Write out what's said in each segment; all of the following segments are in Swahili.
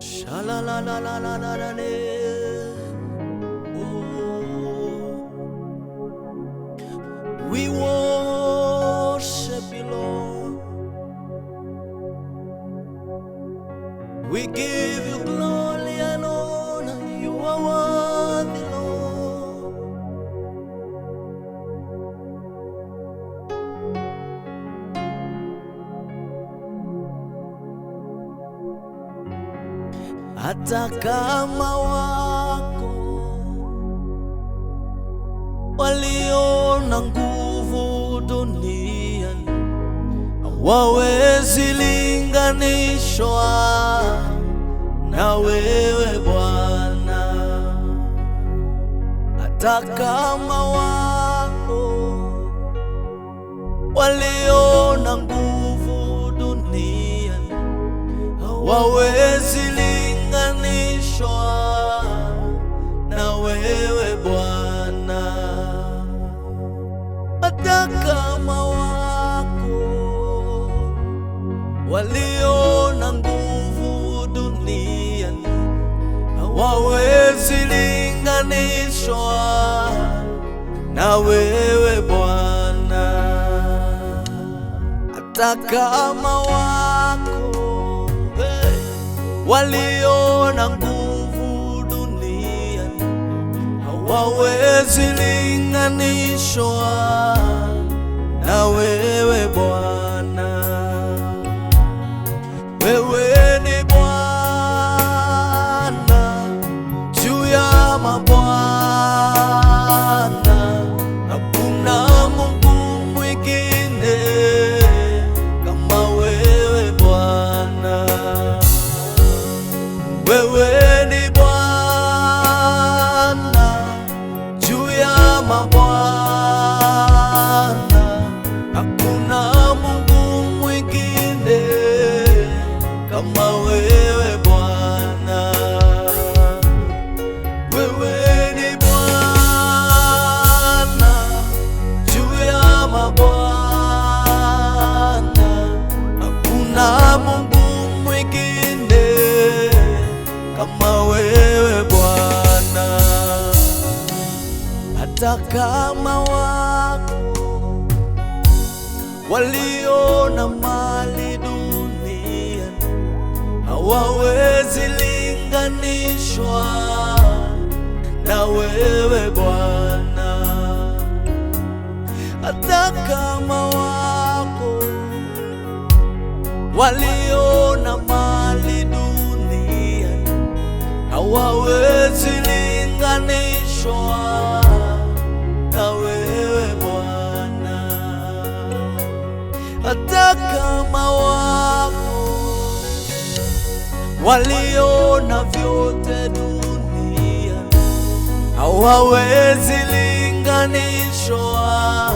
Sha la la la la la la la We worship you, Lord. We give. hata kama wako waliona nguvu duniani hawawezi linganishwa na wewe Bwana, hata kama wako waliona nguvu duniani hawawezi wawezi linganishwa na wewe Bwana, hata kama wako waliona nguvu duniani hawawezi linganishwa na wewe kuja kama wako na mali dunia hawawezi linganishwa na wewe Bwana, hata kama wako waliona mali dunia hawawezi linganishwa hata kama wako waliona vyote dunia hawawezi linganishwa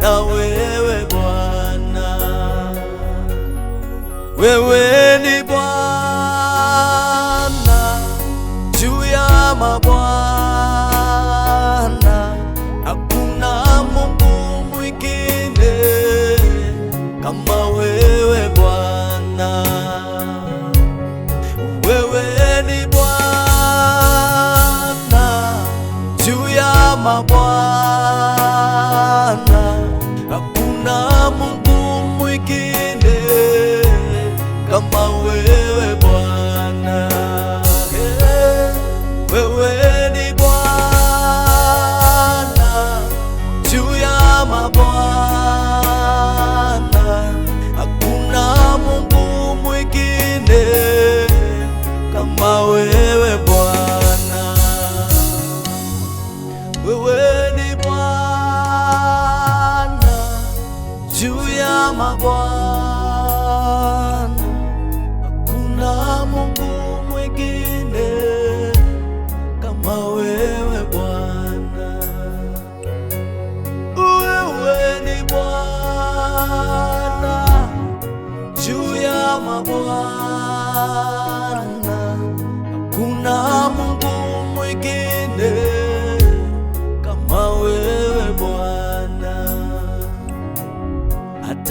na wewe Bwana, wewe ni Bwana juu ya mabwana 我。Bwana, hakuna Mungu mwingine kama wewe Bwana. Wewe ni Bwana juu ya mabwana, hakuna Mungu mwingine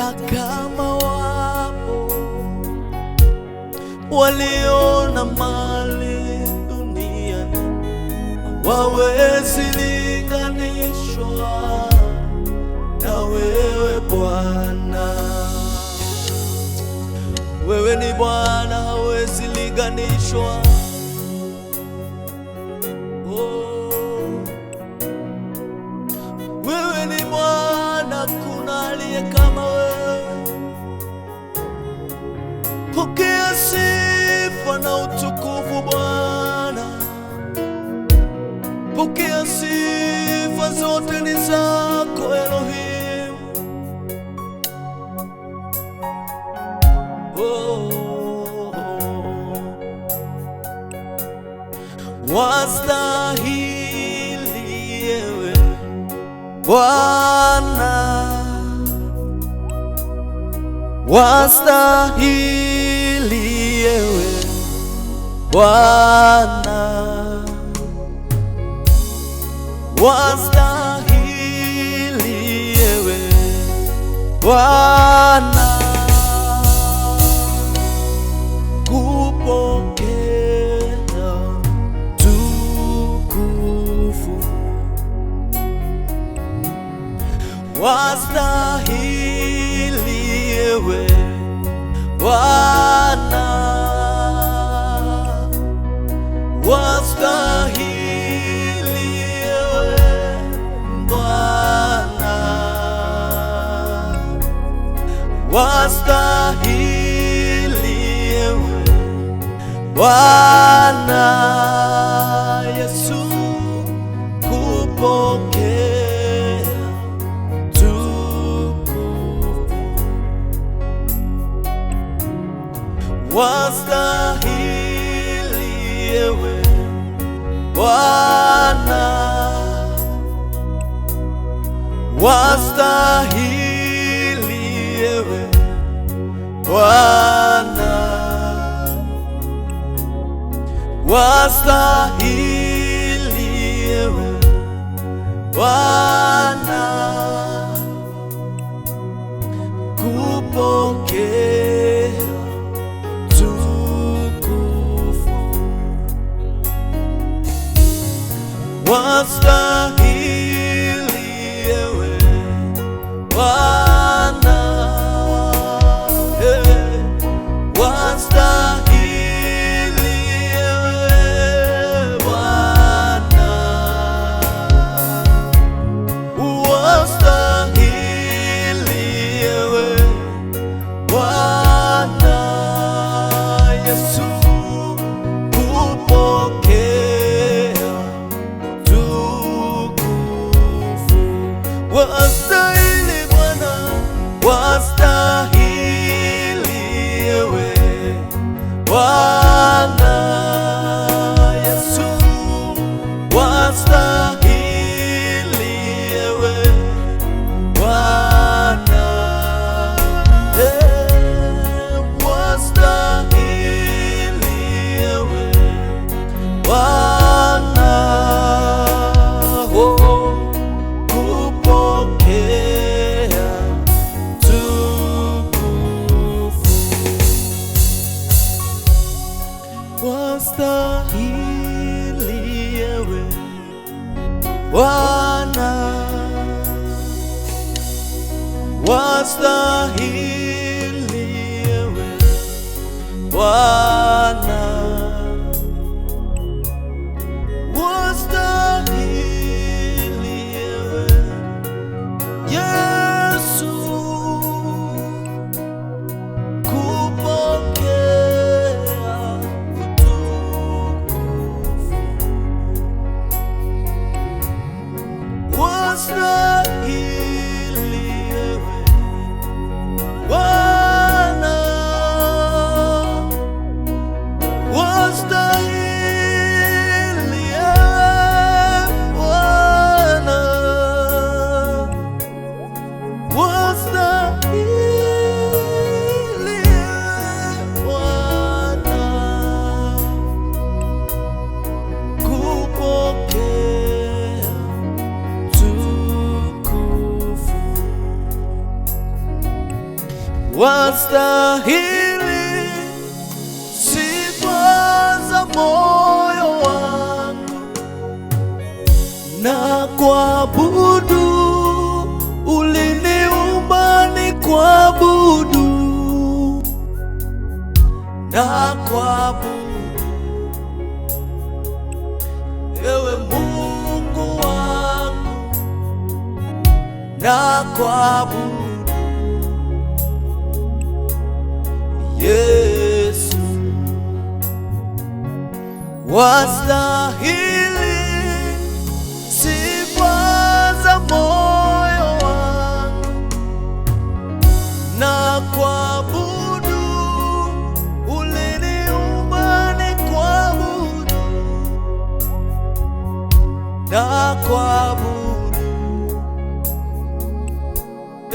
hata kama wapo waliona mali duniani wawezi linganishwa na wewe Bwana. Wewe ni Bwana, hawezi linganishwa oh. Wewe ni Bwana, kuna aliyeka Pokea sifa na utukufu Bwana, pokea sifa zote ni zako Elohim. Oh, oh, oh. Wastahili yewe Bwana wastahili ewe Bwana, wastahili ewe Bwana kupokea tukufu, wastahili wewe Bwana, wastahili wewe Bwana, wastahili wewe Bwana Yesu kupo Bwana wastahili, ewe Bwana wastahili, ewe Bwana kupokea asla stuck kuabudu, uliniumba kuabudu, na kuabudu, ewe Mungu wangu na kuabudu Yesu wastahili na kuabudu uliniumba nikuabudu na kuabudu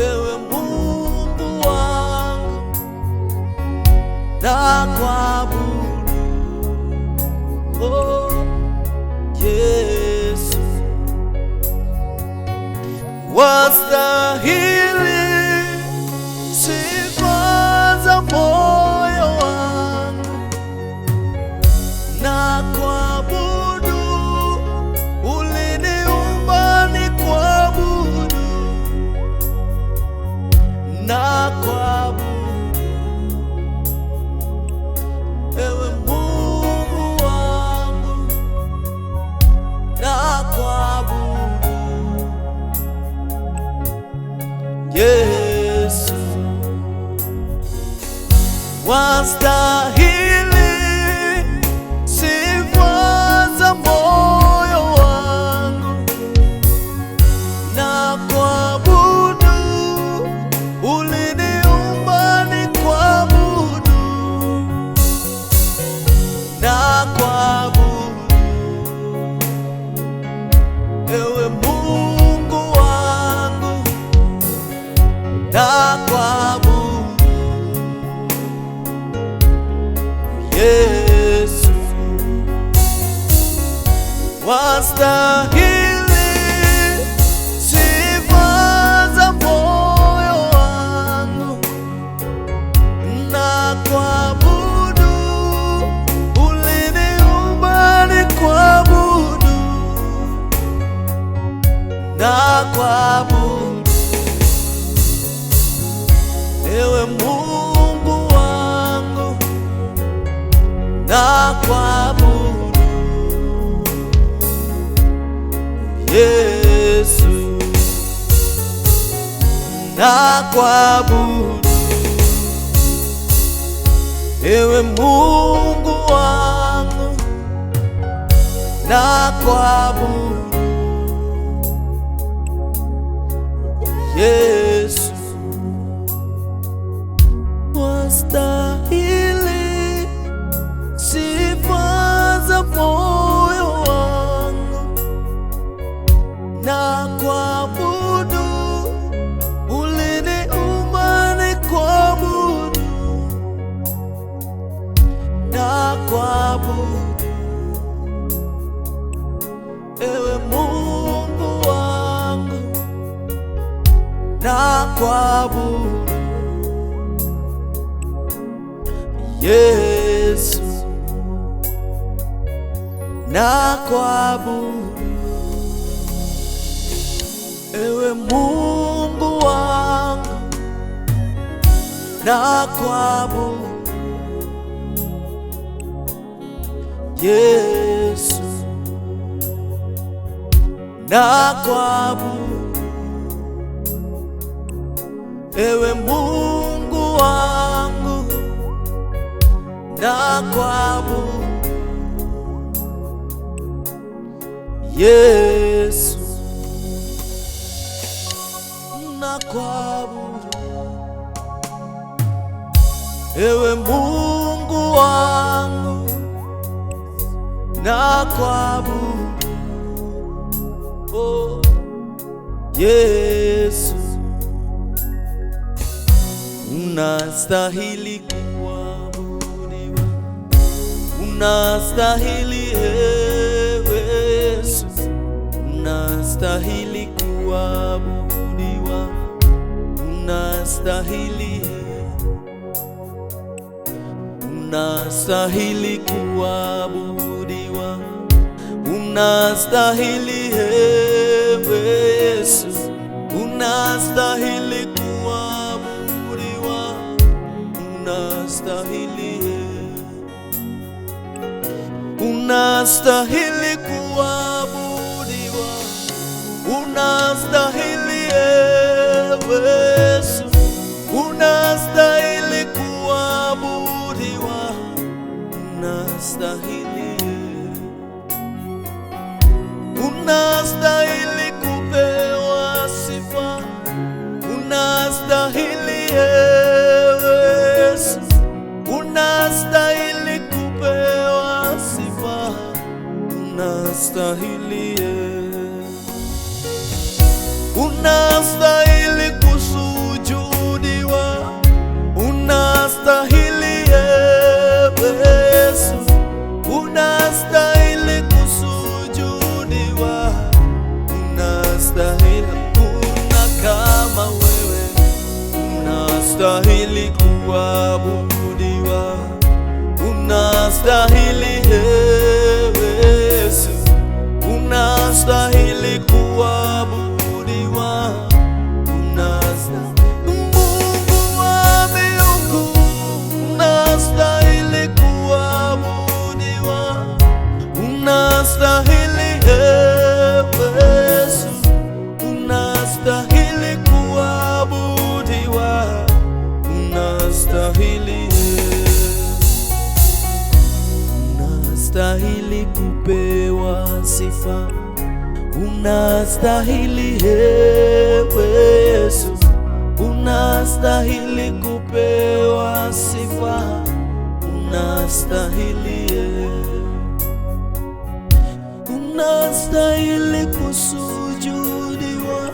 ewe Mungu wangu na kuabudu oh, Yesu wastahili Yesu star. Stahili sifa za moyo wangu, na kuabudu uliniumba, ni kuabudu na kuabudu, ewe Mungu wangu, na kuabudu na kuabudu. Ewe Mungu wangu na kuabudu Yesu wastahili sifa za kwabo Yesu na kwabu, ewe Mungu wangu na kwabu Yesu na kwabu Ewe Mungu wangu na kuabudu oh, Yesu unastahili kuabudiwa, unastahili ewe Yesu unastahili kuabudiwa, unastahili unastahili kuabudiwa, unastahili ewe Yesu, unastahili kuabudiwa, unastahili unastahili kuabudiwa, unastahili ewe unastahili, unastahili kupewa sifa, unastahili Yesu, unastahili kupewa sifa, unastahili unastahili kusujudiwa, unastahili Unastahili ewe Yesu, unastahili kuabudiwa, Mungu wa miungu, unastahili kuabudiwa, unastahili ewe Yesu, unastahili unastahili kupewa sifa, unastahili ewe Yesu, unastahili kupewa sifa, unastahili ee. unastahili kusujudiwa,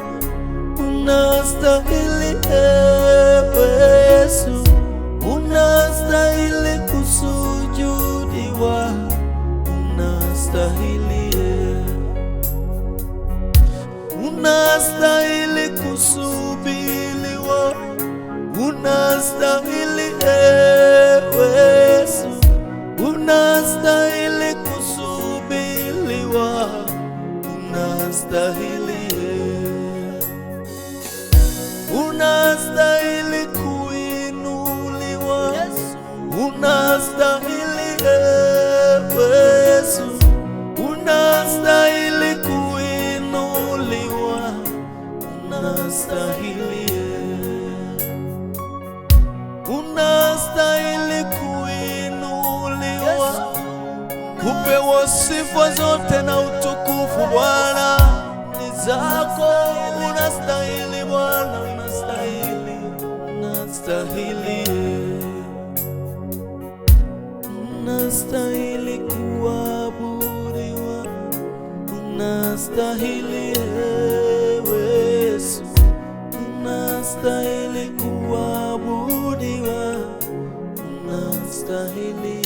unastahili ewe Yesu unastahili, unastahili kusubiliwa, unastahili Yesu, unastahili kusubiliwa, unastahili Kwa sifa zote na utukufu Bwana ni zako, unastahili Bwana, unastahili, unastahili, unastahili kuabudiwa, unastahili Yesu, unastahili kuabudiwa, unastahili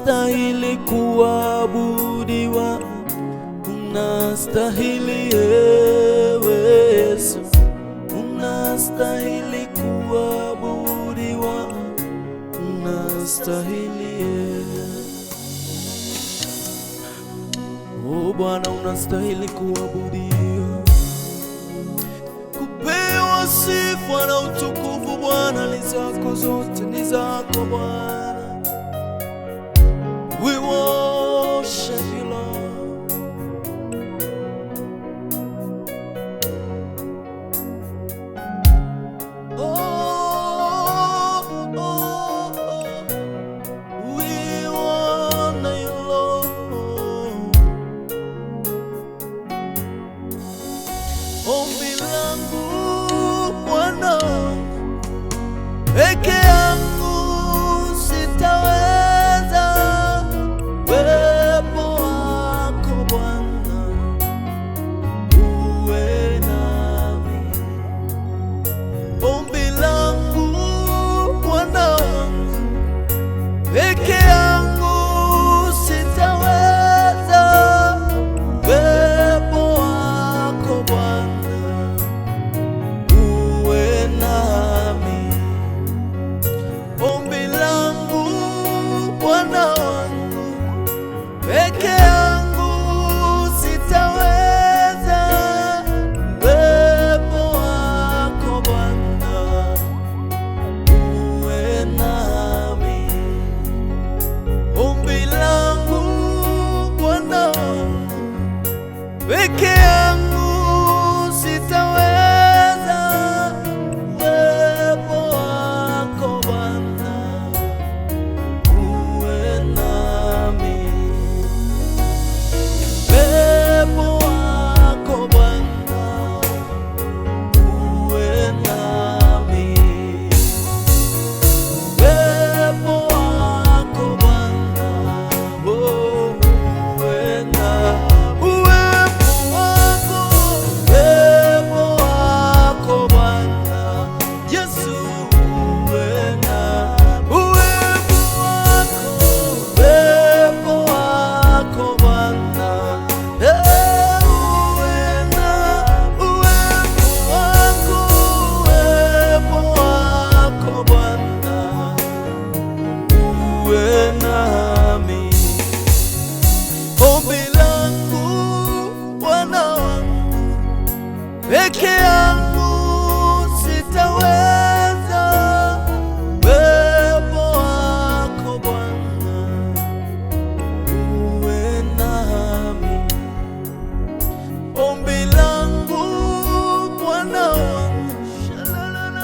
unastahili kuabudiwa, unastahili ewe Yesu, unastahili kuabudiwa, unastahili o oh, Bwana, unastahili kuabudiwa, kupewa sifa na utukufu Bwana, ni zako zote, ni zako Bwana.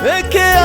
Fake it.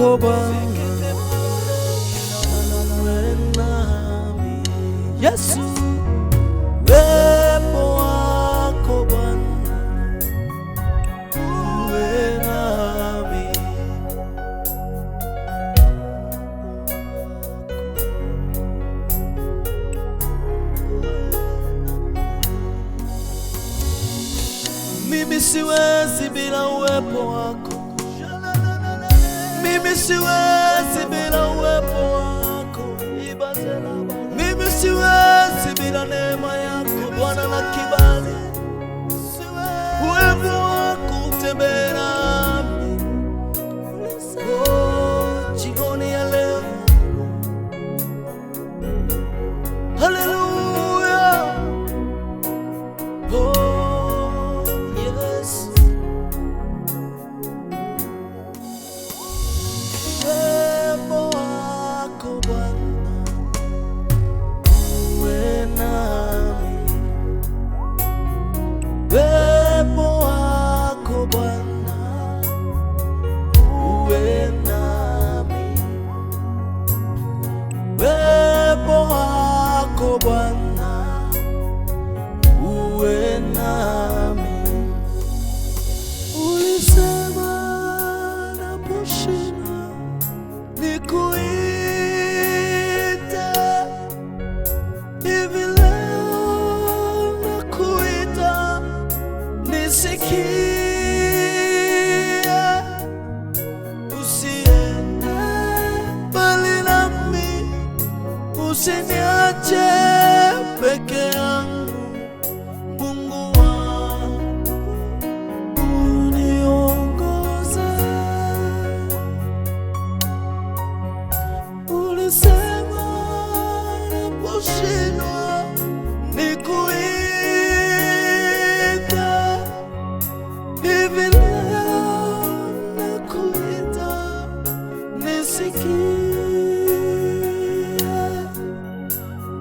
kwakho Baba Yesu to us.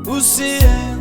o ciência.